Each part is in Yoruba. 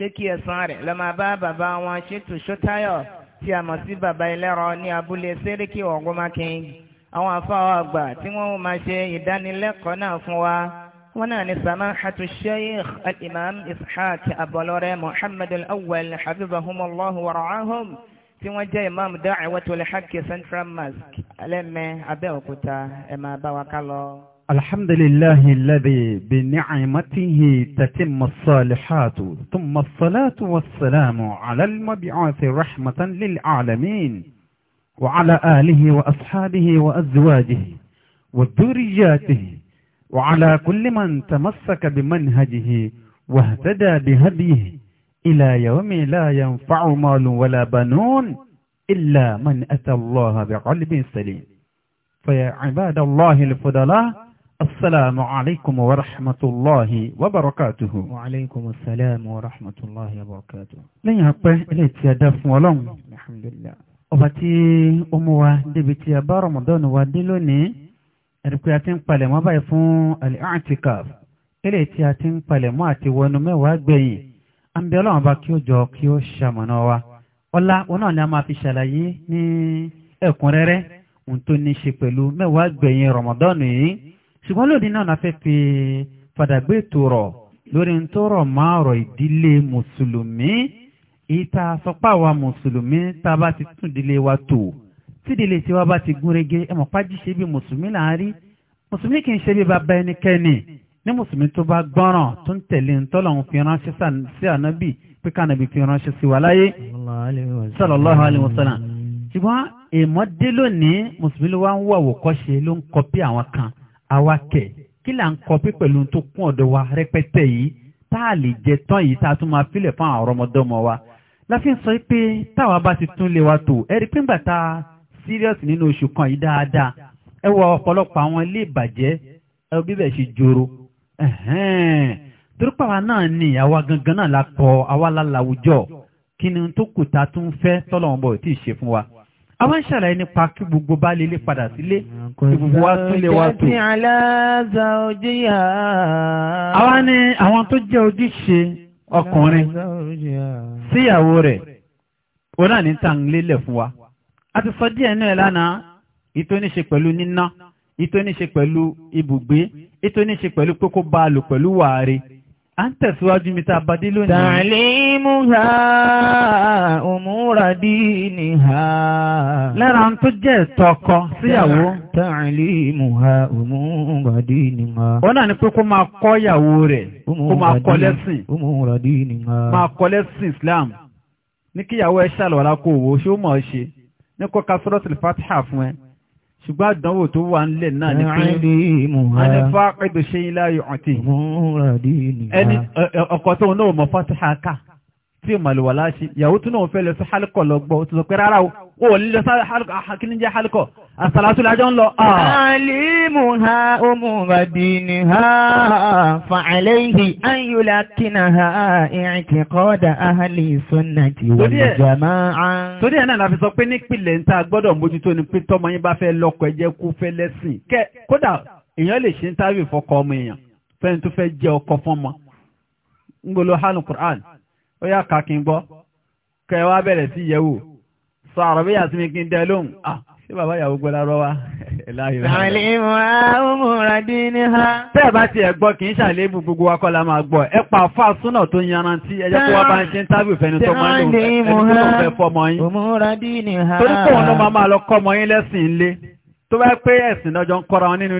pé kí ẹ̀san rẹ̀ lọ máa bá bàbá wọn ṣètò ṣótáyọ̀ tí a mọ̀ sí bàbá ẹlẹ́rọ ní abúlé sẹ́ríkì ọ̀gọ́mákin àwọn afáwọ̀ àgbà tí wọ́n máa ṣe ìdánilẹ́kọ̀ọ́ náà fún wa wọ́n náà ní samahatu sheikh al-imam ishaq abọlọrẹ muhammad al-awwal habibahumallahu warahum tí wọ́n jẹ́ imam da'watul haqq central mosque alẹ́mẹ́ abẹ́òkúta ẹ̀ máa bá wa ká lọ. الحمد لله الذي بنعمته تتم الصالحات ثم الصلاة والسلام على المبعوث رحمة للعالمين وعلى آله وأصحابه وأزواجه وذرياته وعلى كل من تمسك بمنهجه واهتدى بهديه إلى يوم لا ينفع مال ولا بنون إلا من أتى الله بقلب سليم فيا عباد الله الفضلاء السلام عليكم ورحمة الله وبركاته وعليكم السلام ورحمة الله وبركاته لن يحبه إلي تيادف ولم الحمد لله ọbàtí ó mú wa débi tí a bá Ramadan wa dé lónìí ẹ̀rùpẹ́ a ti ń palẹ̀mọ́ báyìí fún al-i'tikaf ilé tí a ti ń palẹ̀mọ́ àti wọnú mẹ́wàá gbẹ̀yìn a ń bẹ ọlọ́run bá kí ó jọ kí ó ṣamọ̀nà wa ọlá òun náà ni a máa fi ṣàlàyé ní ẹ̀kúnrẹ́rẹ́ ohun tó ní ṣe pẹ̀lú mẹ́wàá gbẹ̀yìn Ramadan yìí ṣùgbọ́n lónìí náà fẹ́ fi fàdàgbé tó rọ̀ lórí ń tó rọ̀ máa ìdílé mùsùlùmí ìta sọpá wa mùsùlùmí tá a bá ti tún ìdílé wa tò tídìlé tí wa bá ti gúnrégé ẹmọ̀ pájí ṣe bí mùsùlùmí là ń rí mùsùlùmí kì í ṣe bí bàbá ẹnikẹ́ni ní mùsùlùmí tó bá gbọ́ràn tó ń tẹ̀lé ń tọ́lọ́run fi ránṣẹ́ sí ànábì pé kànábì fi ránṣẹ́ sí wa láyé sallallahu alaihi ṣùgbọ́n èèmọ̀ lónìí mùsùlùmí ló wá ń wọ̀wọ̀ kọ́ ṣe ló ń kọpí àwọn kan àwa kẹ̀ kí là ń kọpí pẹ̀lú tó kún ọ̀dọ̀ wa rẹpẹtẹ yìí tá a lè jẹ tán yìí tá a tún máa filẹ̀ fún àwọn ọmọdọ́mọ wa láfi ń sọ pé táwa bá ti tún lé wa tò ẹ̀rí pé ńgbà tá a serious nínú oṣù kan yìí dáadáa ẹ wọ ọ̀pọ̀lọpọ̀ àwọn ilé ìbàjẹ́ ẹ bíbẹ̀ ṣe joro torípa wa náà ni àwa gangan náà la kọ àwa lálàwùjọ kí ni tó kù ta tún fẹ́ tọ́lọ́wọ́n tí ì ṣe fún wa a máa ń ṣàlàyé nípa kí gbogbo bá lè lè padà sílé gbogbo wa tún lè wá tó. àwa ni àwọn tó jẹ́ ojúṣe ọkùnrin síyàwó rẹ̀ ó náà ní tàn lélẹ̀ fún wa a ti sọ díẹ̀ náà lánàá ìtò ní ṣe pẹ̀lú níná ìtò ní ṣe pẹ̀lú ibùgbé ìtò ní ṣe pẹ̀lú pé kó bá a lò pẹ̀lú wàárí a ń tẹ̀síwájú mi ta bàdé lónìí. tàlímù ha òmúradì ni ha. lára ń tó jẹ́ tọkọ síyàwó. tàlímù ha òmúradì ni ha. ó náà ni pé kó máa kọ́ ìyàwó rẹ̀ kó máa kọ́ lẹ́sìn. òmúradì ni ha. máa kọ́ lẹ́sìn Islam ní kíyàwó ẹ ṣàlọ́ra kó owó ṣé ó mọ̀ ọ́ ṣe ní kó ka sọ́rọ́sì fatiha fún ẹ ṣùgbọ́n àdánwò tó wà nílẹ̀ náà ní pé anífà pẹ̀dọ̀ ṣe ilá yọ̀ọ̀tì ẹni ọkọ̀ tó náà mọ̀ fátihà tí màlúwà láṣí ìyàwó tún náà fẹ́ lọ sí hálùkọ̀ lọ gbọ́ tó sọ pé rárá o ò lílọ sí hálùkọ̀ àkíní jẹ́ hálùkọ̀ àsàlátù lájọ́ ń lọ. àlìmù ah. ha ọmọ bàbí ni ha fa'alayhi an yulaqinaha i'tiqada ahli sunnati wal jama'ah. torí ẹ̀ gbọ́dọ̀ ó yá ká kí n gbọ́ kẹ wá bẹ̀rẹ̀ sí yẹ̀wò sọ àrọ̀bíyà sí kí n dẹ lóhùn ah ṣé bàbá ìyàwó gbọ́ lárọ́ wa láyò rẹ̀. ṣàlẹ́mù àmúra dín ní ha. tẹ́ bá tiẹ̀ gbọ́ kì í ṣàlẹ́bù gbogbo wa kọ́ la máa gbọ́ ẹ pa fà súnà tó yanrantí ẹ jẹ́ kó wá bá ń ṣe ń tábìlì fẹ́ni tó máa ń lò ẹni tó lọ́ọ́ fẹ́ fọmọ yín. àmúra dín ní ha. torí kóun ló máa máa lọ kọ́ ọmọ yín lẹ́sìn ilé tó bá pé ẹ̀sìn náà ń kọ́ra wọn nínú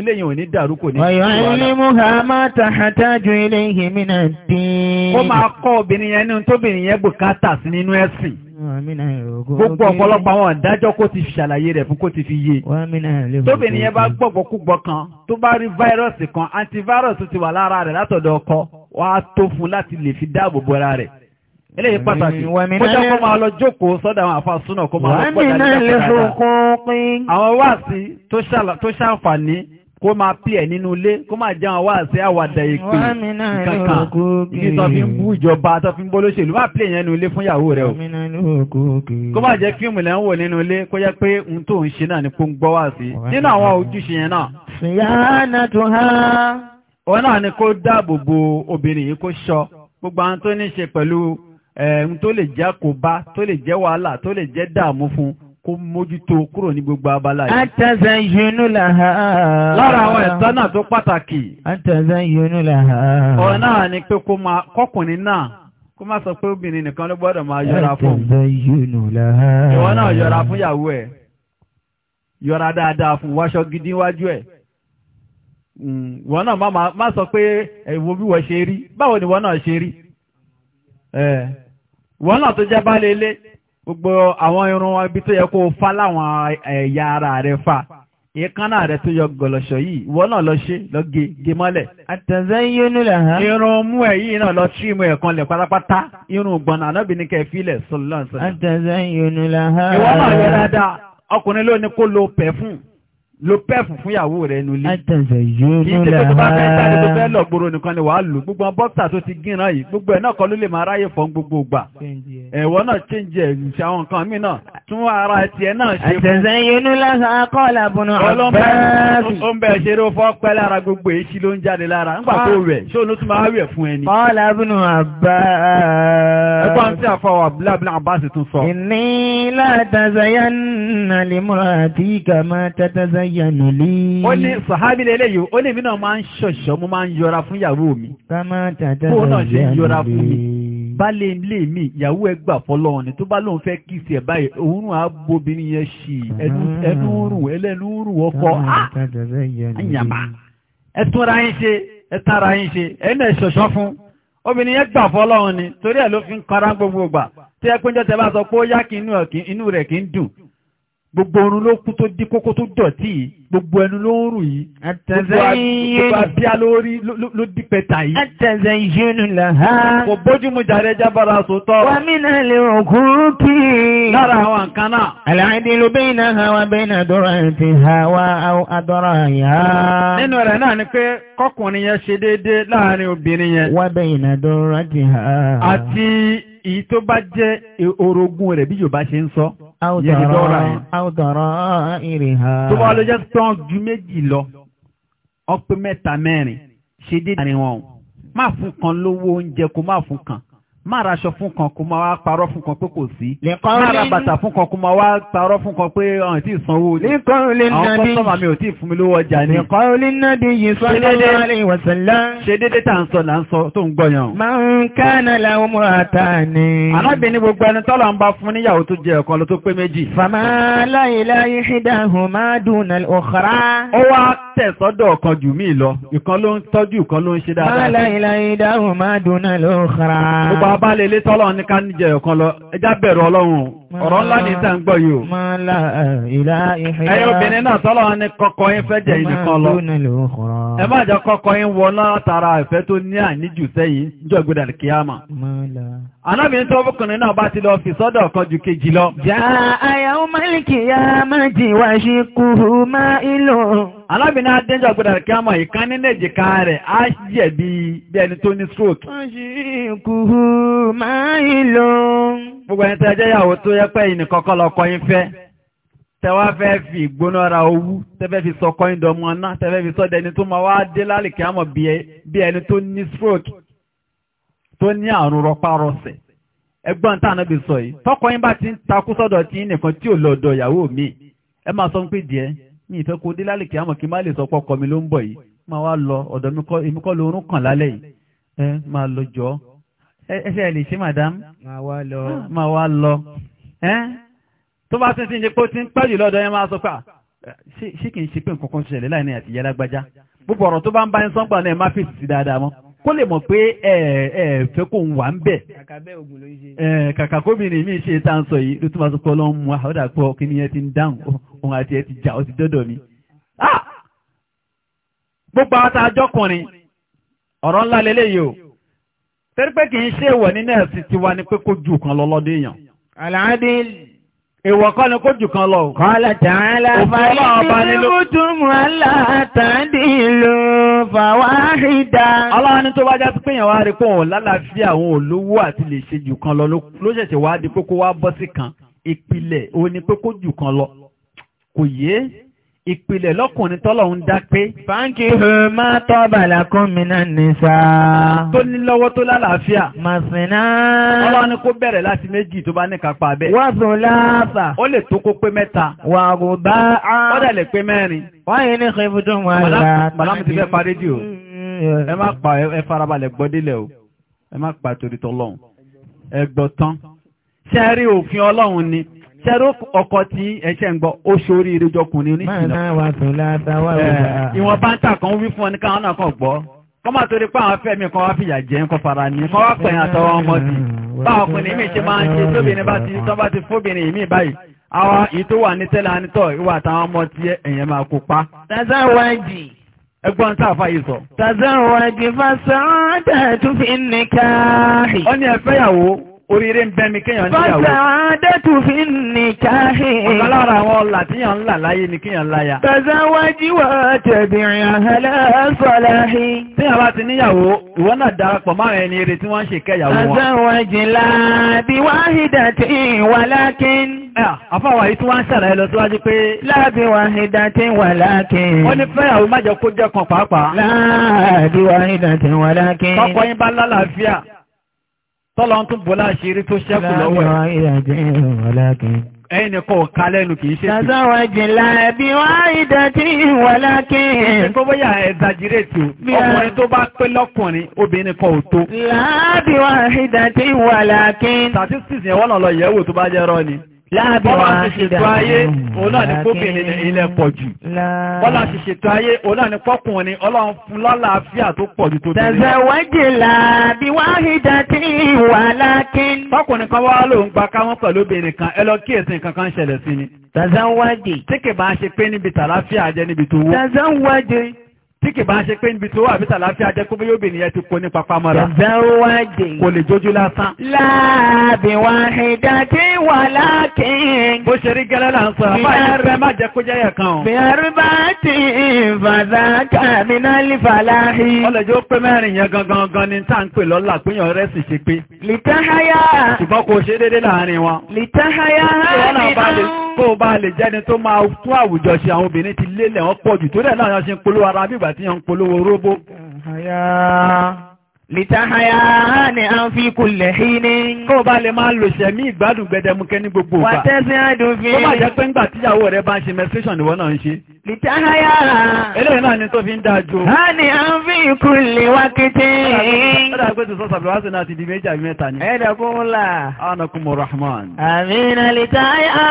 ilé yìí ò ní dàrú kò ní. ọ̀yọ́ ilé muhammad tahataju ilé yìí mi náà dín. ó máa kọ́ obìnrin yẹn nínú tóbìnrin yẹn bùkátà sí nínú ẹ̀sìn. gbogbo ọ̀pọ̀lọpọ̀ àwọn ìdájọ́ kó ti ṣàlàyé rẹ̀ fún kó ti fi yé. tóbìnrin yẹn bá gbọ̀gbọ̀ kúgbọ̀ kan tó bá rí fáírọ̀sì kan antivirus ti wà lára rẹ̀ látọ̀dọ̀ ọkọ wàá tó fún láti lè fi dáàbò bora rẹ̀ eléyìí pàtàkì kọjá kó máa lọ jókòó sọ́dọ̀ àwọn àfa súnà kó máa lọ pọ̀jà nígbàkúrẹ́dà àwọn wáàsí tó ṣàǹfààní kó máa pí ẹ̀ nínú ilé kó máa jẹ́ àwọn wáàsí àwàdà ìpè kankan ìdí tó fi ń bú ìjọba tó fi ń bó lóṣèlú máa pí ẹ̀yẹn nínú ilé fún ìyàwó rẹ̀ o kó máa jẹ́ fíìmù lẹ́ ń wò nínú ilé kó jẹ́ pé ohun tó ń ṣe náà ni kó ń gbọ́ wáàsí nínú àwọn ojúṣe yẹn náà. òun náà ni kó dáàbò bo obìnrin yìí kó ṣọ́ gbogbo àwọn tó ní ṣe pẹ̀lú ẹ̀ẹ́n tó lè jẹ́ àkóbá tó lè jẹ́ wàhálà tó lè jẹ́ dààmú fún kó mójútó kúrò ní gbogbo abala yìí. Àtẹ̀sẹ̀ yunú là ha. Lára àwọn ẹ̀tọ́ náà tó pàtàkì. Àtẹ̀sẹ̀ yunú là ha. Ọ̀rọ̀ náà ni pé kó máa kọkùnrin náà kó sọ pé obìnrin nìkan ló gbọ́dọ̀ máa yọra fún. Àtẹ̀sẹ̀ yunú là ha. Ìwọ yọra fún ìyàwó ẹ̀. Yọra dáadáa fún wáṣọ gidi wájú ẹ̀. Hmm, ìwọ náà má sọ pé bí wọ́n ṣe rí. ni ìwọ náà ṣe rí? wọ́n náà tó jẹ́ bá lélé gbogbo àwọn irun ibi tó yẹ kó o fá láwọn e, ẹ̀yà ara rẹ̀ fà èékánná rẹ̀ tó yọ gọ̀lọ̀ṣọ̀ yìí wọ́n náà lọ ṣe lọ ge ge mọ́lẹ̀. àtẹ̀sẹ̀ yónú là hàn. irun mú ẹ̀ yìí náà lọ tírìmù ẹ̀ kan lẹ̀ pátápátá irun gbọ̀nà anábìnrin kẹfìlẹ̀ sọlọ́ọ̀sọ̀. àtẹ̀sẹ̀ yónú là hàn. ìwọ́n náà yọ dáadáa ọkùnrin ló kó lo pẹ̀fún lo pẹ́ẹ̀fù fún ìyàwó rẹ̀ nulí. àtẹ̀sẹ̀ yóò lọ́la ha. kì í bá fẹ́ jáde fẹ́ lọ gbòòrò nìkan ni wàá lò gbogbo bọ́ksà tó ti gínran yìí gbogbo ẹ̀ náà kọ́ ló lè máa ráyè fọ́n gbogbo gbà. ẹ̀wọ́ náà ṣéǹjì ẹ̀rù ṣe àwọn nǹkan míì náà tún ara tiẹ̀ náà ṣe fún. àtẹ̀sẹ̀ yóò lọ́la ha kọ́ làbùnú àbẹ́ẹ̀bì. ó ń bẹ fọ́ pẹ́ yatabayyanu li. ó ní sàhábì lélẹ́yìí ó lè mí náà máa ń ṣọ̀ṣọ́ mo máa ń yọra fún ìyàwó mi. kama tatabayyanu li. kó náà ṣe yọra fún mi. baálé ilé mi ìyàwó ẹ gbà fọlọ́run ni tó bá lóun fẹ́ kí sí ẹ̀ báyìí òun á bóbìnrin yẹn ṣì ẹnu rùn ẹlẹ́nu rùn ọkọ ah! àyàmà ẹ túnra yín ṣe ẹ tára yín ṣe ẹ náà ṣọ̀ṣọ́ fún obìnrin yẹn gbà fọlọ́run ni torí ẹ̀ ló fi ń kọ́ra gbogbo gbà tí ẹ péjọ́ tẹ bá sọ pé ó yá kí inú rẹ̀ kí ń dùn gbogbo orun ló kú tó dí kókó tó dọ̀tí gbogbo ẹnu ló ń rù yìí gbogbo abíá ló dí pẹ̀tà yìí. àtẹ̀sẹ̀ ìṣẹ́nu là á. kò bójú mu jàre jábára sòtọ́. wà mí náà lè òkú kí. lára àwọn nǹkan náà. àlàyé ló bẹ́ẹ̀ náà ha wá bẹ́ẹ̀ náà dọ́rọ̀ ẹ̀ǹtì ha wá àdọ́rọ̀ àyà. nínú rẹ̀ náà ni pé kọkùnrin yẹn ṣe déédéé láàrin obìnrin yẹn. wá bẹ́ẹ̀ náà dọ́rọ̀ ẹ̀ǹtì ha. àti èyí tó bá jẹ́ orogún rẹ̀ bí Yorùbá ṣe ń sọ yẹn ti dọ́ra yẹn. àwùjọrọ ìrìn ha. tó bá lọ jẹ́ tán ju méjì lọ má ra aṣọ fún kan kó máa wá parọ́ fún kan pé kò sí. má ra bàtà fún kan kó máa wá parọ́ fún kan pé ọ̀hún tí ì sanwó ni. àwọn kọ́sọ́mà mi ò tí ì fún mi lówó ọjà ni. nìkan olè náà di yìí sallallahu alaihi wasallam. ṣe déédéé tá à ń sọ là ń sọ tó ń gbọ̀yàn. man kana lahu imra'atani. arábìnrin gbogbo ẹni tọ́lọ̀ ń bá fún níyàwó tó jẹ ọ̀kan ló tó pé méjì. fama bá lè lé tọ́lọ́ ní ká níjẹ ọ̀kan lọ ẹjá bẹ̀rù ọlọ́run ọ̀rọ̀ ńlá ní ìta ń gbọ́ yìí o. ẹ̀yin obìnrin náà tọ́lọ́ ní kọ́kọ́ yín fẹ́ jẹ́ ìnìkan lọ. ẹ má jẹ́ kọ́kọ́ yín wọ látara ìfẹ́ tó ní àníjù sẹ́yìn níjọ́ ìgbéra kíámà. anábìyí tó ọkùnrin náà bá ti lọ fi sọ́dọ̀ kan ju kejì lọ. jà àyà ó má alábìnrin adéjọ́ gbọ́dọ̀ kí a mọ̀ ìkan nínú èjìká rẹ̀ á yẹ̀ bí bí ẹni tó stroke. máa ń lò. gbogbo ẹni tẹ́ jẹ́ ìyàwó tó yẹ pé ìní kọ́kọ́ lọ́kọ yín fẹ́ fẹ́ fi ra owú fi sọ dọ̀mọ́ náà fi sọ tó máa wá dé lálẹ́ kí a mọ̀ bí ẹni stroke tó ní àrùn rọpárọsẹ̀ ẹgbọ́n tá sọ mi ìfẹ́ kó dé lálẹ́ kí á mọ̀ kí má lè sọ pọ́ kọ́ mi ló ń bọ̀ yìí máa wá lọ ọ̀dọ̀ mi kọ́ èmi kàn lálẹ́ yìí ẹ máa lọ jọ ẹsẹ̀ lè ṣe madam máa wá lọ ah, ẹ tó bá tún ti ń jẹ́ pé ó ti ń pẹ́ jù lọ́dọ̀ yẹn máa sọ pé ah, ṣé kì í ṣe pé nǹkan kan ṣẹlẹ̀ láì ní àtìyá lágbájá gbogbo ọ̀rọ̀ tó bá ń bá ń sọ́ngbà náà ẹ má fèsì sí dáadáa mọ́ kó lè mọ̀ pé ẹ ẹ fẹ́ kó ń wà ń bẹ̀. kàkà kóbìnrin mi ṣe tá à ń sọ yìí ló tún bá sọ pé ọlọ́run mu àwọn àdàpọ̀ kí ni yẹn ti ń dáhùn òun àti ẹ ti jà ó ti dọ́dọ̀ mi. Ah! gbogbo àwọn tá a jọkùnrin ọ̀rọ̀ ńlá lélẹ́yìí o torí pé kì í ṣe èèwọ̀ nínú ẹ̀sìn tiwa ni pé kó ju kan lọ lọ́dún èèyàn. àlàáde èèwọ̀ kọ́ ni kó ju kan lọ. kọ́lá tààlà fàyẹ̀mùtùmù aláàtàdínlò fàwáhídà. ọlọ́run ní tó bá já pé èèyàn wá rí pé òun lálàáfíà àwọn olówó àti lè ṣe jù kan lọ ló ṣẹ̀ṣẹ̀ wá di pé kó wá bọ́ sí kan ìpìlẹ̀ òun ni pé kó ju kan lọ kò yé ìpìlẹ̀ lọ́kùnrin tọ́lọ̀ ń dá pé. báńkì hù máa tọ́ bàlá kún mi tó ní lọ́wọ́ tó lálàáfíà. màsínà. ọlọ́run ni kó bẹ̀rẹ̀ láti méjì tó bá ní kápá bẹ́ẹ̀. wọ́n sùn láàfà. ó lè tó kó pé mẹ́ta. wà á kò bá a. ó dẹ̀ lè pé mẹ́rin. wọ́n yìí ní kẹ́fù tó wà láà. màlámù ti fẹ́ parí di o. ẹ má pa ẹ farabalẹ̀ gbọ́délẹ̀ o. ẹ má pa torítọ́ ọlọ́run. ẹ gbọ́ tán ṣẹ́rú ọkọ̀ tí ẹ̀ṣẹ̀ ń gbọ́ ó ṣorí ìrìnjọkùnrin oníṣìnà ìwọ̀nba ń tàkàn wí fún ọ ní káwọn náà kàn gbọ́ kọ́mà torí pé àwọn fẹ́mi kan wá fìyà jẹ́ ń fara ní kọ́ wá pẹ̀yìn àtọwọ́ ọmọ sí báwọn ọkùnrin mi ṣe máa ń ṣe tóbìnrin bá ti tán bá ti fóbìnrin mi báyìí àwọn èyí tó wà ní tẹ́lẹ̀ anítọ̀ ìwà àtàwọn ọmọ tí ẹ̀yẹn máa kó pa. tàzá wájì. ẹgbọ́n sọ. tàzá wájì fásán dẹ̀ tún fi ń nìkan. ó ní ẹ fẹ́yàwó oríire ń bẹ́mi kéèyàn níyàwó. Bọ́sà àádẹ́tù fi ń ní káhì. Ọ̀gá lára àwọn ọlà tíyàn ń là láyé ni kéèyàn láyà. Bàzá wájú wà tẹ̀bìrìn àhálà sọ̀láhì. Tíyàn bá ti níyàwó, ìwọ náà darapọ̀ márùn ẹni eré tí wọ́n ń ṣe kẹ́yàwó wọn. Bàzá bí wáhídà tí wà lákín. Àfáwà yìí tí wọ́n ń ṣàlàyé lọ síwájú pé. Láàbí wáhídà tí wà lákín. Wọ́n ní fẹ́yàwó má jẹ́ kó jẹ́ kan pàápàá. Láàbí wáhídà tí wà lákín tọ́lọ tún bọ́lá ṣeré tó ṣẹ́kù lọ́wọ́ ẹ̀yìn nìkan ọ̀ká kìí ṣe tí. ṣàzọ́wọ́ jìnlá ẹbí wá ìdọ̀tí wọ́lákì. ẹ̀kọ́ bóyá ẹ̀dàjírè tó ọkùnrin tó bá pé lọ́kùnrin obìnrin kan ò tó. láàbí wá ìdọ̀tí wọ́lákì. statistics yẹn wọ́n lọ yẹ̀wò tó bá jẹ́ ni. Bọ́lá ti ṣètò ayé, òun náà ni kóbìnrin ilẹ̀ pọ̀ jù. Bọ́lá ti ṣètò ayé, òun náà ni pọ́kùnrin ọlọ́run fún lọ́làáfíà tó pọ̀ jù tó dúró. Tẹ̀sẹ̀ wájìlá bí wáhídà tí wà lákín. Tọ́kùnrin kan wá ló ń gba káwọn pẹ̀lú obìnrin kan, ẹ lọ kíyèsí nǹkan kan ṣẹlẹ̀ sí ni. Tẹ̀sẹ̀ Tí kì ṣe pé níbi tàlàáfíà jẹ́ níbi tó wó. Tẹ̀sẹ̀ tí kì bá ṣe pé níbi tó wà bí tàlàfíà jẹ́ kó bí yóò bènìyàn ti kó ní papamọ́ra. ìdáwádìí kò lè jójú lásán. láàbì wà ìdájí wà láàkín. bó ṣe rí gẹ́lẹ́ là ń sọ àbáyé fẹ́ má jẹ́ kó jẹ́yẹ̀ kan o. bẹ̀rù bá ti fàdà kàmínà lífàlàhí. ọlọ́jọ́ pé mẹ́rin yẹn gangan gan ni tá à ń pè lọ́la péyàn rẹ̀ sì ṣe pé. lìtàháyà. ṣùgbọ́n kò ṣe déédéé láàrin wọn. lìtàháyà kó o bá lè jẹ́ni tó máa tún àwùjọ ṣe àwọn obìnrin ti lélẹ̀ wọn pọ̀ jù tó dẹ̀ láwọn ṣe ń polówó ara bíbà tí yàn ń polówó róbó. Lìtàhàyà ni a ń fi kulẹ̀ hí ní. Kó bá lè máa lò ṣẹ̀mí ìgbádùn gbẹdẹmukẹ́ ní gbogbo ìgbà. Wà tẹ́sí àdùn fi. Kó má jẹ́ pé ńgbà tíyàwó rẹ̀ bá ń ṣe menstruation ìwọ náà ń ṣe. Lìtáháyà. Eléyìí náà ni tó fi ń dáa jò. A ní à ń fi ikú lè wá kété. Ẹ̀dà pé tòṣọ́ sàbẹ̀wáṣẹ̀ náà ti di méjì àbí mẹ́ta ni. Ẹ̀dà kún un là. Anakum Rahman. Àmìnà lìtáháyà.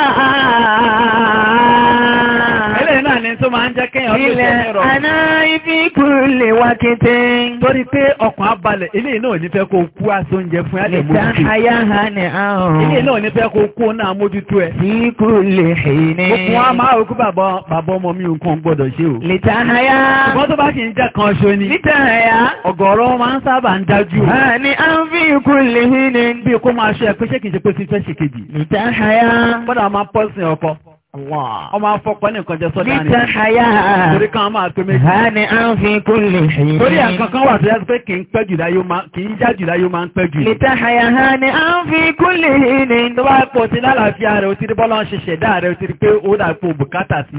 Eléyìí náà ni tó máa ń jẹ́ kéèyàn lè jẹ́ mẹ́rọ. Ilẹ̀ àná ibi ikú lè wá kété. Torí pé ọkàn abalẹ̀, eléyìí náà ò ní fẹ́ kó kú aṣọ oúnjẹ fún yàtọ̀ mójútó. Lìtáháyà ha ni àrùn. Eléyìí náà ò ní fẹ́ kó kú náà mójútó ẹ̀. Ikú lè hìn ní. Mo fún wa máa rò kú bàbá ọmọ mi nǹkan gbọ́dọ̀ ṣe o. lìtàhàyà. ṣùgbọ́n tó bá kì í jẹ́ kan ṣo ni. lìtàhàyà. ọ̀gọ̀rọ̀ máa ń sábà ń dájú. ní à ń fi ikú lè hin ni. bí kò máa ṣe ẹ pé ṣé kì í ṣe pé fífẹ́ ṣèkejì. lìtàhàyà. gbọ́dọ̀ máa pọ́sìn ọkọ ọmọ afọ́pọ́ nìkan jẹ́ sọ́dá ní ìtàhàyà torí kan máa pé méjì ha ni a ń fi kú lè ṣe torí àkankan wà tó yẹ́ pé kì í pẹ́ jùlá yóò máa kì í já jùlá yóò máa ń pẹ́ jù ìtàhàyà ha ni a ń fi kú lè ní tó bá pọ̀ sí lálàáfíà rẹ̀ ó ti rí bọ́lá ń ṣe rẹ̀ ó ti rí pé ó dà pé bùkátà sí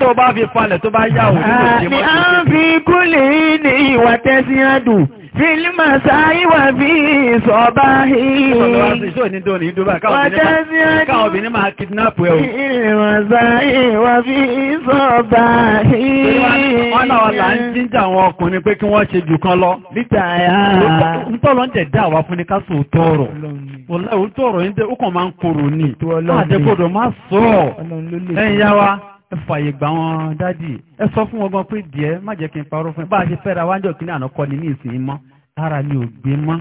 tó bá fi falẹ̀ tó bá yà fílímà sáyíwà bí ìsọ̀bá yìí. bí ìsọ̀bá yìí. Wọ́n ọkùnrin pé kí wọ́n ṣe jù kan lọ. Nítàyà. Ntọ́lọ́ ń jẹ̀ dá àwa fún ni ká sọ òótọ́ ọ̀rọ̀. Òótọ́ ó kàn máa ń ni. Àdẹ́gbọ́dọ̀ máa sọ ọ̀. wa. ẹ fààyè gbà wọn dádì ẹ sọ fún wọn gan pé díẹ̀ má jẹ́ kí n parọ́ fún ẹ bá a ṣe fẹ́ra wájọ kí ní àná kọ́ ni ní ìsìn mọ́ ara mi ò gbé mọ́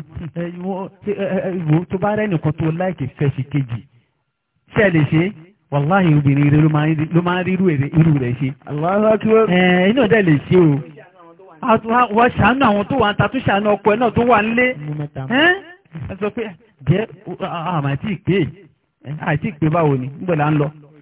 ìwò tó bá rẹ́ nìkan tó láìkè fẹ́ṣì kejì ṣe lè ṣe wàláhì obìnrin rẹ ló máa ń rí irú rẹ̀ ṣe. inú ọ̀dẹ́ lè ṣe o wọ́n ṣàánú àwọn tó wà ń ta tó ṣàánú ọkọ ẹ̀ náà tó wà nílé ẹ sọ pé jẹ́ àmàtí ìpè àìsí ìpè báwo ni níbo là ń lọ.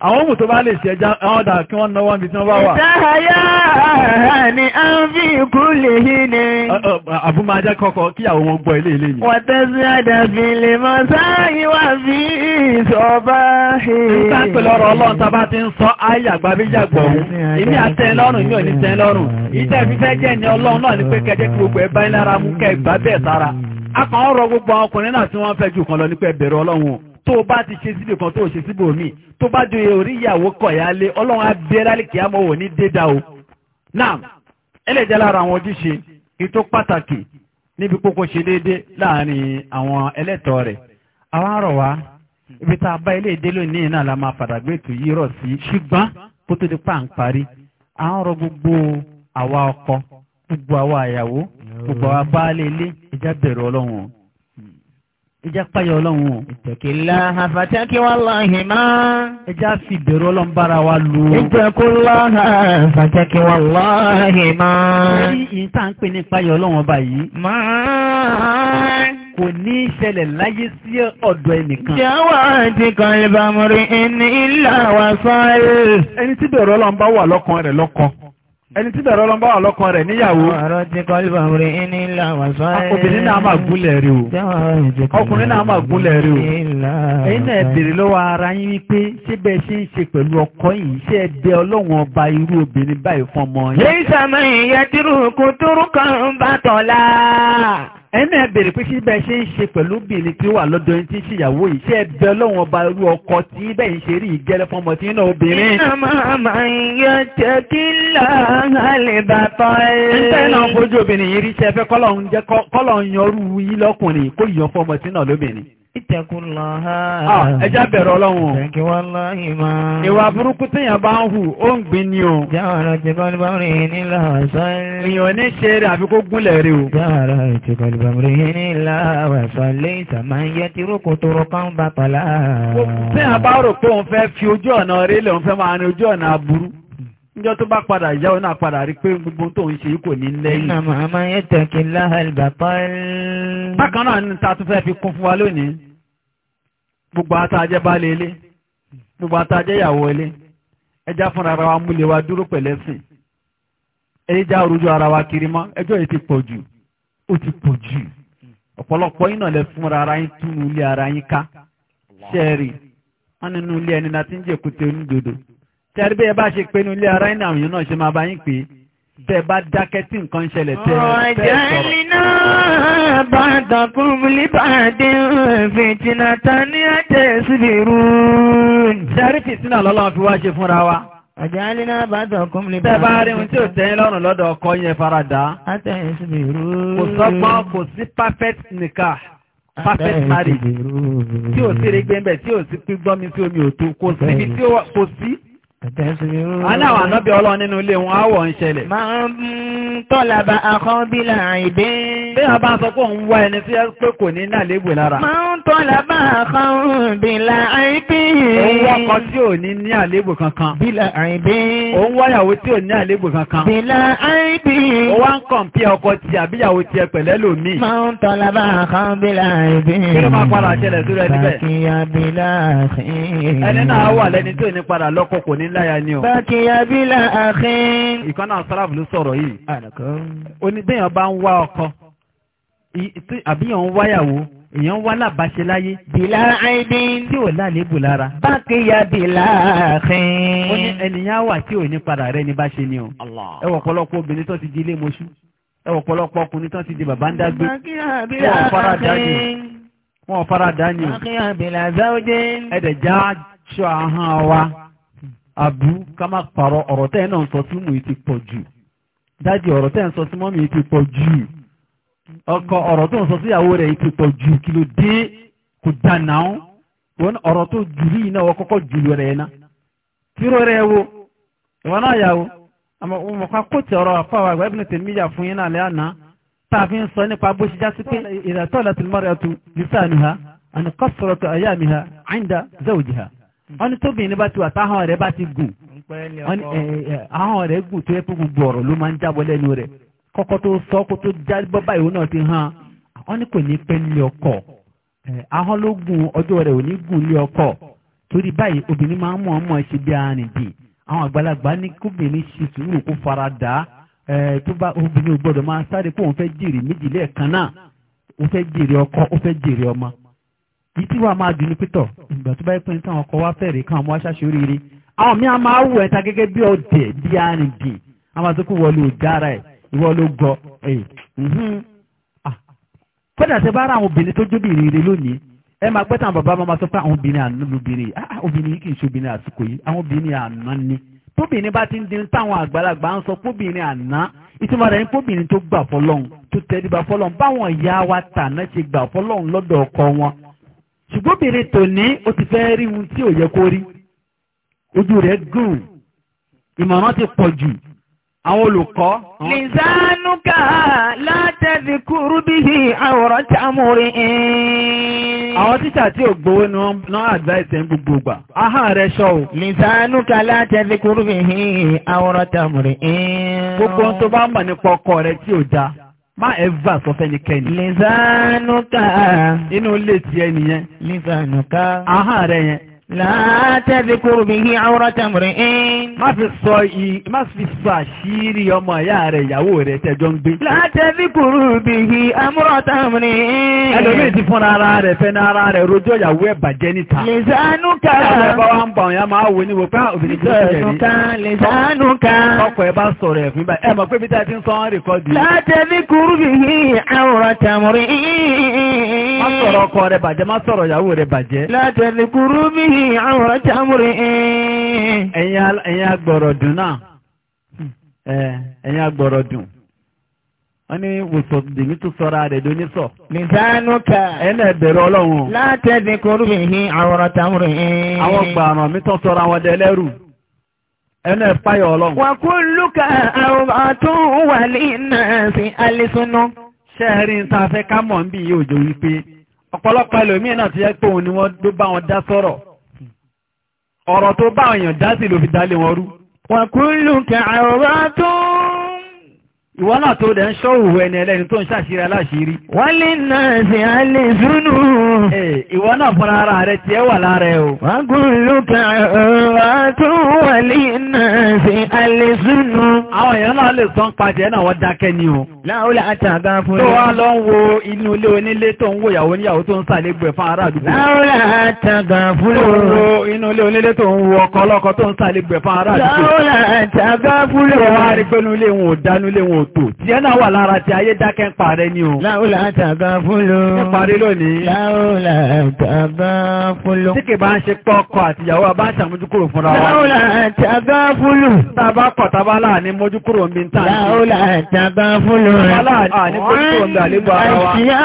àwọn ohun tó bá lè ṣe ẹja àwọn ọ̀dà kí wọ́n náwọ́ ibi tí wọ́n bá wà. ìdáhàyá ni a ń fi ikú lè hí ni. àbúmọ̀ ajẹ́ kọ́kọ́ kí wọn gbọ́ ilé ilé yìí. wọ́n tẹ́sí àdàbí lè mọ sáyìn wá sí ìṣọ̀bá. nígbà tó lọ́rọ̀ ọlọ́run tá a bá ti ń sọ ọ̀hún èmi lọ́rùn ní lọ́rùn fi fẹ́ jẹ́ ni ọlọ́run náà ni pé tó bá ti ṣe síbò kan tó ṣe síbò míì tó bá joyè orí ìyàwó kọ̀yálé ọlọ́run abẹ́rẹ́ alìkìyàmọ̀ wò ní dédà o. náà ẹlẹ́jẹ̀ lára àwọn ojúṣe kí tó pàtàkì níbi kókó ṣe déédé láàrin àwọn ẹlẹ́tọ̀ọ́ rẹ̀. àwọn àrọ̀ wa ibi tá a bá ilé ìdélé ní iná la máa fàdàgbé ètò yìí rọ̀ sí ṣùgbọ́n kó tó di pa à ń parí à ń rọ gbogbo àwa ọkọ gbogbo àwa àyàwó gbogbo àwa baálé ẹjá páyọ̀ ọlọ́run o. ìtẹ̀kìlá àfàtẹ́kì wà láàyè máa. ẹjá fi bẹ̀rù ọlọ́run bára wa lu. ìtẹ̀kùlá àfàtẹ́kì wà láàyè máa. lórí yìí tá à ń pè ní páyọ̀ ọlọ́run ọba yìí. máa. kò ní í ṣẹlẹ̀ láyé sí ọ̀dọ̀ ẹnìkan. jẹ́wọ́ àti kan ìbámu rí ẹni ìlà wà sọ́ọ̀lù. ẹni tí bẹ̀rù ọlọ́run bá wà lọ́kàn rẹ̀ lọ́kàn ẹni tí bẹ̀rẹ̀ ọlọ́mbà wà lọ́kàn rẹ̀ níyàwó ọkùnrin náà máa gúnlẹ̀ rí o ọkùnrin náà máa gúnlẹ̀ rí o ẹ̀yin náà bèrè lọ́wọ́ ara yín wípé ṣé ṣe ń ṣe pẹ̀lú ọkọ yìí ṣé ẹ bẹ ọba irú obìnrin báyìí fún ọmọ yín. sàmì ìyẹn tìrù kùtùrù kan bá tọ̀ ẹni ẹ bèrè pé ṣí bẹ́ẹ̀ ṣe ń ṣe pẹ̀lú bìnrin tí ó wà lọ́dọ̀ yín tí ń ṣìyàwó yìí ṣé ẹ bẹ ọlọ́run ọba irú ọkọ tí bẹ́ẹ̀ ń ṣe rí ìgẹ́rẹ́ fọmọ tí ń nà obìnrin. iná máa máa ń yọ jẹ́ kí láàlẹ́ bá tọ́ ẹ. níta iná fojú obìnrin yìí ríṣẹ́ fẹ́ kọ́lọ̀ ń yọrù yín lọ́kùnrin kó yọ fọmọ tí ń nà lóbìnrin ìtẹ̀kùnlọ́ha. ẹjá bẹ̀rẹ̀ ọlọ́run. tẹ̀kí wọ́n lọ ìmọ̀. ìwà burúkú téèyàn bá ń hù ó ń gbin ni o. jáwàrà ìtìkọlùbọ̀mùrì nílà ọ̀sánlé. èèyàn ní ṣe rẹ̀ àfi kó gúnlẹ̀ rẹ̀ o. jáwàrà ìtìkọlùbọ̀mùrì nílà ọ̀sánlé ìtàmáyé tí rókòtòrò kan bá pàlà. téèyàn bá rò pé òun fẹ́ fi ojú ọ̀nà rẹ̀ lè òun fẹ́ máa ní ojú ọ̀nà tó bá padà ìyá ọ padà rí pé gbogbo tó ń ṣe kò ní lẹ́yìn. àmọ́ àmọ́ yẹn tẹ̀kí láhàlì bàbá ẹ̀. bákan ni ta tún fẹ́ fi kún fún wa lónìí gbogbo àtàjẹ́ baálé ilé gbogbo àtàjẹ́ ìyàwó ilé ẹjá fúnra ara wa múlẹ̀ wa dúró pẹ̀lẹ́sìn ẹjá orújú ara wa kiri mọ́ ẹjọ́ yìí ti pọ̀ jù ó ti pọ̀ jù ọ̀pọ̀lọpọ̀ yìí náà lẹ fúnra ara yín túnú ilé ara yín ká ṣẹ́ẹ̀rì wọ́n nínú ilé ẹni náà ti ń jẹ́ èkúté onídodo ṣẹ́ẹ̀rì bí bá ṣe pé nínú ara yín náà ṣe máa bá yín pè é bẹ́ẹ̀ bá dákẹ́ tí nǹkan ń ṣẹlẹ̀ tẹ́ ọ̀jẹ́ ìlínà bàtàkùn lípàdé fìtìnà tán ní àjẹ́ síbì rúùn. ṣẹ́rí fìtìnà lọ́lọ́run fi wá ṣe fúnra wa. ọ̀jẹ́ ìlínà bàtàkùn lípàdé. tẹ́ bá rí ohun tí ò tẹ́yìn lọ́rùn lọ́dọ̀ ọkọ yẹn faradà. àjẹ́ síbì rúùn. kò sọ́gbọ́n kò sí perfect nikah perfect marriage tí ò sí rẹ́gbẹ́ mbẹ̀ tí ò sí pígbọ́n tí omi ò tó kò síbi tí ó sí. Aláwọ̀ ànábí ọlọ́run nínú ilé wọn áwọ̀ ń ṣẹlẹ̀. Máa ń tọ́laba àkọ́bílà ìdé. Bí a bá sọ pé òun wá ẹni tí ó pé kò ní náà lébù lára. Máa ń tọ́laba àkọ́bílà ìdé. Òun wọ́kọ tí ò ní ní àlébù kankan. Bílà ìdé. Òun wáyàwó tí ò ní àlébù kankan. Bílà ìdé. Ó wá ń kàn pí ọkọ ti àbíyàwó ti ẹ pẹ̀lẹ́ lómi. Máa ń tọ́laba àkọ́bílà ìdé. Kí ló máa padà ṣẹlẹ̀ sí rẹ níbẹ̀? Bàkìyà bílà láyà ni o. bákìyà bílà àkín. ìkan náà sáràbù ló sọ̀rọ̀ yìí. onídéèyàn bá ń wá ọkọ àbíyàn ń wáyàwó èèyàn wá lábàṣe láyé. bìlà àìdín. tí ò lálébù lára. bákìyà bìlà àkín. ó ní ènìyàn wà tí ò ní padà rẹ ní bá ṣe ni o. ẹ wọ ọ̀pọ̀lọpọ̀ obìnrin tó ti di ilé mọṣú ẹ wọ ọ̀pọ̀lọpọ̀ ọkùnrin tó ti di bàbá ń dágbé. bákìyà bìlà àkín wọ́n fara dá ní o. Ẹ̀dẹ̀ já aṣọ ahọ́n wa abu Kama má ọ̀rọ̀ tẹ́ náà sọ sí mùí ti pọ̀ jù dájì ọ̀rọ̀ tẹ́ ń sọ sí mọ́mí pọ̀ jù ọkọ ọ̀rọ̀ tó ń sọ síyàwó rẹ̀ ti pọ̀ jù kí ló dé kò dànà ó wọn ọ̀rọ̀ tó jùlí iná wọ kọ́kọ́ jùlọ rẹ̀ ná tíró rẹ̀ wo ìwọ náà yà wo kó tẹ ọ̀rọ̀ àgbà fún yín náà àná wọ́n ní tóbìnrin bá ti wà táwọn rẹ̀ bá ti gùn wọ́n ní àwọn gùn tó yẹ kó gbogbo ló máa ń jábọ lẹ́nu rẹ kọkọ tó sọ kó tó já bọ́ báyìí náà ti hàn wọ́n kò ní pẹ́ ọkọ ló gùn rẹ̀ ò ní gùn ọkọ torí báyìí obìnrin máa ń ọmọ bí àwọn àgbàlagbà ní kóbìnrin ṣe sùúrù kó fara dà tó bá obìnrin ò máa sáré kó òun ọkọ ó jèrè yìí tí wàá máa dùn ní pítọ̀ ìgbà tó bá yẹ pé ní táwọn ọkọ̀ wá fẹ̀rẹ̀ kan mú aṣáṣe oríire àwọn míì a máa wù ẹ̀ta gẹ́gẹ́ bí ọ̀dẹ̀ bí arìndì àwọn àtúkù wọlé òjára ẹ̀ ìwọ ló gọ ẹ̀ mhm. kódà tẹ bá rà àwọn obìnrin tó jóbìnrin rẹ lónìí ẹ máa pẹ́ táwọn bàbá máa ma sọ pé àwọn obìnrin àná lóbìnrin obìnrin yìí kì í ṣe obìnrin àsìkò yìí àwọn obìnrin àná ni tóbìnrin bá ti ń di táwọn àgbàlagbà ń sọ póbìnrin àná ìtumọ̀ rẹ̀ ń póbìnrin tó gbà fọlọ́hún tó tẹ́lẹ̀ bá fọlọ́hún báwọn ìyá wa tàná ṣe gbà fọlọ́hún lọ́dọ̀ ọkọ wọn ṣùgbọ́n obìnrin tòní ó ti fẹ́ rí ohun tí ò yẹ kó rí ojú rẹ̀ gùn ìmọ̀ràn ti pọ̀ jù àwọn olùkọ́. lìsánúkà látẹ̀sí kúrú bí i àwòrán tí a mú rí in. àwọn títà tí ò gbowó ni wọ́n ná àdváìsẹ̀ gbogbo gbà. ahọ́n rẹ̀ ṣọ́ o. lìsánúkà látẹ̀sí kúrú bí i àwòrán tí a mú rí in. gbogbo ohun tó bá mọ̀ nípa ọkọ rẹ̀ tí ò dáa má ẹ̀fà sọ fẹ́nikẹ́ni. lìzánúkà. inú ilé tiẹ̀ nìyẹn. lìzánúkà. ahọ́n rẹ̀ yẹn. La tadhkur bihi awrata mri'in. Má fi sọ yìí, má fi sọ àṣírí ọmọ ìyá rẹ̀ ìyàwó rẹ̀ tẹ́jọ́ ń gbé. La tadhkur bihi awrata mri'in. Ẹlòmíì ti fún ara rẹ̀ fẹ́ni ara rẹ̀ rojọ́ ìyàwó ẹ̀ bàjẹ́ níta. Lisanuka. Ìyàwó ẹ̀ bá wá ń bọ̀ ọ̀yàn máa wò ní wo pé ah, obìnrin tó ṣẹlẹ̀ rí. Lisanuka. Ọkọ ẹ ẹ̀ fún sọ̀rọ̀ ọkọ àwòrán tí a náà hmm. ẹ̀yìn agbọ̀rọ̀dùn wọ́n ní wùsọ̀ dèmí tó sọ́ra rẹ̀ lóníṣọ̀. nìsánúkà. ẹnlẹ bẹ̀rẹ̀ ọlọ́run. látẹ̀sí korú mi ní àwọn gbàràn mi tán wọn dẹlẹ́rù. ẹnlẹ páyọ̀ ọlọ́run. wà kú lùkà àwòrán wà lẹ́nà a alẹ́sùnú. sẹ́ẹ̀rì ń sanfẹ́ ká mọ̀ wípé ọ̀pọ̀lọpọ̀ ẹlòmíràn ti yẹ pé òun ni wọ́n bá wọn dá sọ̀rọ̀. ọ̀rọ̀ tó bá èèyàn dá sí ló fi dálé wọn rú. wàkúlù kẹ́ àwòrán tó ń ìwọ náà tó dẹ̀ ń ṣọ́ òwò ẹni ẹlẹ́ni tó ń ṣàṣírí aláṣírí. wọ́n lè nà sí alẹ́ ìṣúnú. ìwọ náà fúnra ara rẹ tiẹ̀ wà lára ẹ o. wọ́n gùn lókè ọ̀rọ̀ tó wà lè nà sí alẹ́ ìṣúnú. àwọn èèyàn náà lè sọ́n pàjẹ́ náà wọ́n dákẹ́ ni o. láwọn àtàgà fún mi. tó wá lọ ń wo inú ilé onílé tò tí ẹ náà wà lára tí ayé dákẹ́ ń parẹ́ ní o. láòlà àtàbà fúnlò. ń parẹ́ lónìí. láòlà àtàbà fúnlò. tí kì bá ń ṣe pọ́kọ àtìyàwó àbá ń ṣàmójúkúrò fúnra wa. láòlà àtàbà fúnlò. tàbá kọ̀ tàbá láàní mójúkúrò mi ń tàn. láòlà mójúkúrò mi àlébù ara wa. àṣìyá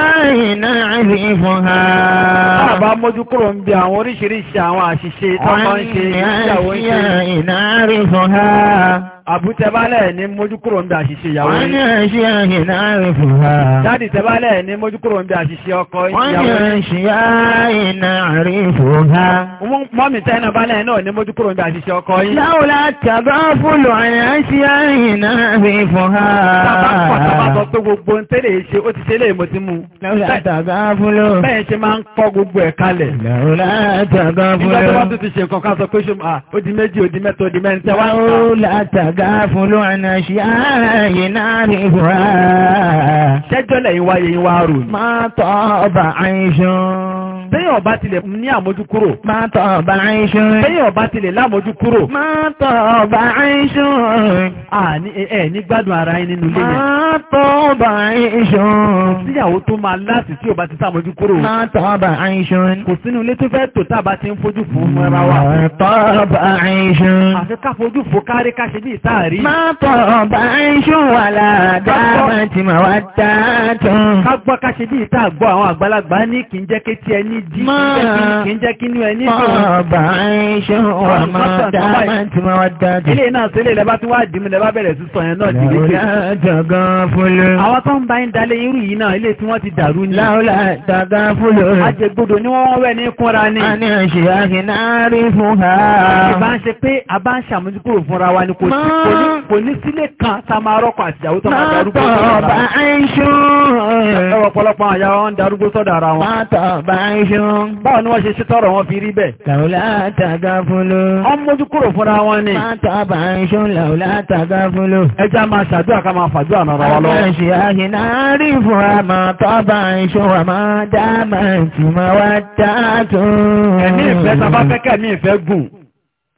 ìná àbí fún ha. mójúkúrò ń bi àwọn oríṣiríṣi àwọn àṣìṣe tó máa ń ṣe ìyàwó ń ṣe. àṣìyá ìná àbí fún ha àbútẹ́bálẹ̀ ní mójúkúrò ń bí àṣìṣe ìyàwó yìí. wọ́n ní ẹ̀ṣẹ́ ìhìnà àrífùn ha. dáàdì tẹ́bálẹ̀ ní mójúkúrò ń bí àṣìṣe ọkọ ìyàwó yìí. wọ́n ní ẹ̀ṣẹ́ ìhìnà àrífùn ha. mọ́mí tẹ́nà bálẹ̀ náà ní mójúkúrò ń bí àṣìṣe ọkọ yìí. láwùlá tàbá fúlù ẹ̀ṣẹ́ ìhìnà àrífùn ha. bàbá pọ̀ tàbá sọ pé gbogbo ń tẹ́lẹ̀ ṣe ó ti ṣe lé mo ti mú. láwùlá tàbá fúlù. bẹ́ẹ̀ ṣe máa ń kọ́ gbogbo ẹ̀ kalẹ̀. láwùlá tàbá fúlù. nígbà tó ti ṣe nǹkan ká sọ pé ṣe ah, ó di méjì ó di mẹ́ta ó di mẹ́rin tẹ́wàá. láwùlá tàbá káfúlù ànàṣì ààyè náà rí ìhùrà. Ṣẹ́jọ́ lẹ́yìn wáyé yín wá rò Má tọ́ ọba àìṣan. Téèyàn ọba tilẹ̀ ní àmójúkúrò. Máa tọ̀ ọba àìṣó. Téèyàn ọba tilẹ̀ lámójúkúrò. Máa tọ̀ ọba àìṣó. Àní ẹ ní gbádùn ara yín nínú ilé yẹn. Máa tọ̀ ọba àìṣó. Síyàwó tó máa láti tí ọba ti sàmójúkúrò. Máa tọ̀ ọba àìṣó. Kò sínú ilé tó fẹ́ tò tá a bá ti ń fojú fún mọ́ra wa. Máa tọ̀ ọba àìṣó. Àfi ká fojú fò kárí ká ṣe ní ìtaàrí. Máa tọ̀ ọba àìṣó wà láàdá. àwọn àgbàlagbà ní kì í jẹ́ kétí ẹni jí kí n jẹ́ kí ní ẹni dùn. yìí ilé tí wọ́n ti dàrú ni. láwùlá dàgán fúlò. àjẹgbodò ni wọ́n wẹ̀ ní kúnra ni. a ní ṣe àhìnà fún ha. ìbá ń ṣe pé a bá ń ṣàmójúkúrò fúnra wa ni kò ní sílé kan tá a máa rọ́kọ̀ àtìyàwó tó wọn ṣe rán báwọn ni wọ́n ṣe sítọ́rọ̀ wọn fi rí bẹ̀. kàúlá tàgá fúnlò. wọ́n mójú kúrò fúnra wọn ni. mátàbà ń ṣó làúlá tàgá fúnlò. ẹja máa ṣàdúrà ká máa fàdúrà náà wọ́n lọ. àmọ́ ṣe àṣìná rí fún àmọ́ tọ́bà ń ṣó àmọ́ dáàmà ìtìmọ̀ wá dáàtún. ẹ̀mí ìfẹ́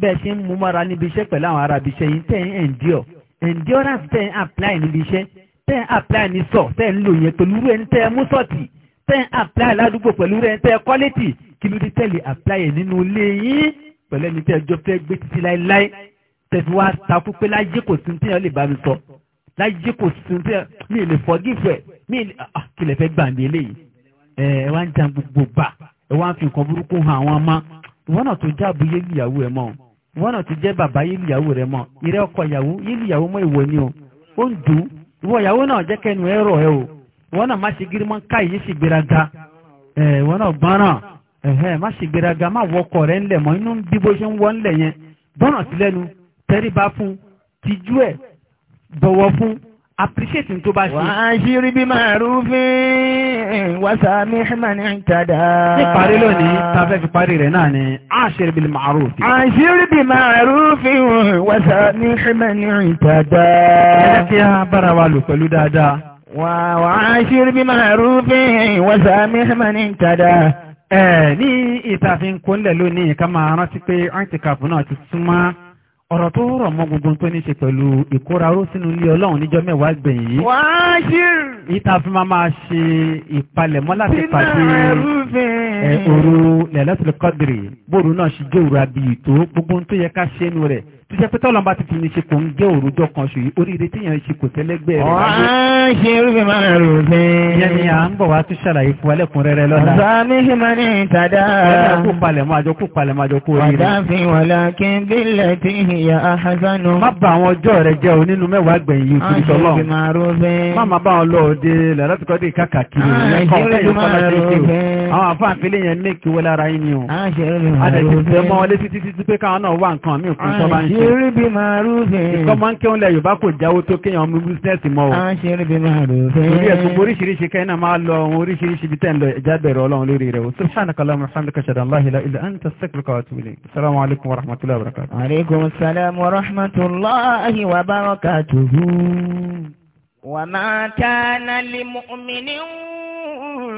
bẹ́ẹ̀ ṣe ń mú mọ́ra níbi iṣẹ́ pẹ̀lú àwọn ará ibiṣẹ́ yìí tẹ́ ń endure endurance tẹ́ ń apply níbi iṣẹ́ tẹ́ ń apply ní sọ tẹ́ ń lò yẹn pẹ̀lú rẹ̀ ń tẹ́ mú sọ̀tì tẹ́ ń apply ládùúgbò pẹ̀lú rẹ̀ ń tẹ́ quality kí ló dé tẹ́lẹ̀ apply ẹ̀ nínú ilé yín pẹ̀lú ẹni tẹ́ ẹjọ́ fẹ́ gbé títí láéláé tẹ̀sí wá takú pé láyé kò sí tí yẹn lè bá mi sọ láyé kò sí tí yẹn mi forgive ẹ̀ mi lè ah, kí lè fẹ́ gbàǹdé eléyìí ẹ̀ ẹ̀ fi nǹkan burúkú hàn àwọn ọmọ ìwọ náà tó jáàbù yé ìyàwó ẹ̀ mọ́ ọ́n wọ́nà náà ti jẹ́ bàbá yìí ìyàwó rẹ̀ mọ̀ ìrẹ́ ọkọ ìyàwó yìí ìyàwó ìwọ ni o ó ń dùn ìwọ ìyàwó náà jẹ́ kẹnu ẹ rọ̀ ẹ o wọ́n náà má ṣe gírí mọ́ ká yìí sì gbéraga ẹ̀ wọ́nà gbọ́nà gbọ́nràn ẹ̀hẹ́ má ṣe gbéraga má wọkọ̀ rẹ̀ ńlẹ̀ mọ́ inú bí bó ṣe ń wọ́ ńlẹ̀ yẹn gbọ́nràn sí lẹ́nu tẹríba fún tijú ẹ̀ bọ̀wọ̀ fún appreciate n tó bá ṣe. wàá ṣírí bí máa rúfin wàsá mi hìmánì ń tàdá. ní parí lónìí tafẹ́ fi parí rẹ̀ náà ni àṣírí bí máa rúfin. àṣírí bí máa rúfin wàsá mi hìmánì ń tàdá. ẹ̀rẹ́ kí á bára wa lò pẹ̀lú dáadáa. wàá ṣírí bí máa rúfin wàsá mi hìmánì ń tàdá. ẹ ní ìtàfin kólẹ̀ lónìí ká máa rántí pé àǹtí kàfù náà ti súnmọ́ ọ̀rọ̀ tó rọ̀ mọ́ gbogbo tó ní ṣe pẹ̀lú ìkóraró sínú ilé ọlọ́run níjọ́ mẹ́wàá gbẹ̀yìn yìí. wáá ṣe. ìta fún ma máa ṣe ìpalẹ̀mọ́ láti pàdé fẹ́. òru lẹ́lẹ́tìlẹ̀ kọ́dìrì bóòrù náà ṣe jẹ́ òru àbí ìtò gbogbo tó yẹ ká ṣe nù rẹ̀ tó jẹ́ pé tọ́lọ́mbà ti ní ṣe kò ń jẹ́ òru jọ kan ṣòyí oríire tí yẹn ṣe kò tẹ́lẹ́gbẹ́ rẹ̀. wọ́n ṣe irúfẹ́ máa rò fẹ́. ìyẹn ni à ń bọ̀ wá tún ṣàlàyé fún ẹlẹ́kùnrẹ́rẹ́ lọ́la. sami himani tada. kó palẹ̀ máa jọ kó palẹ̀ máa jọ kó oríire. wàdáfi àwọn àfáàfilé yẹn méèkì wọ lára yín ni o. àdẹ̀sẹ̀ mọ́ wọlé títí títí pé káwọn náà wà nǹkan mí fún tọ́ba ń ṣe. àṣírí bí máa rúfin. ìkọ́ máa ń kẹ́hún lẹ̀ Yorùbá kò jáwó tó kéèyàn ọmọ bísíǹsì mọ́ o. àṣírí bí máa rúfin. orí ẹ̀sùn oríṣiríṣi kẹ́hìn náà máa lọ ohun oríṣiríṣi bí tẹ́ǹlọ ẹ̀já bẹ̀rẹ̀ ọlọ́run lórí rẹ̀ o. subhanakallahumma wa bihamdika ashhadu an la ilaha illa anta astaghfiruka wa atubu ilayk. assalamu alaykum wa rahmatullahi wa barakatuh. alaykum assalam wa rahmatullahi wa barakatuh. wa ma kana li mu'minin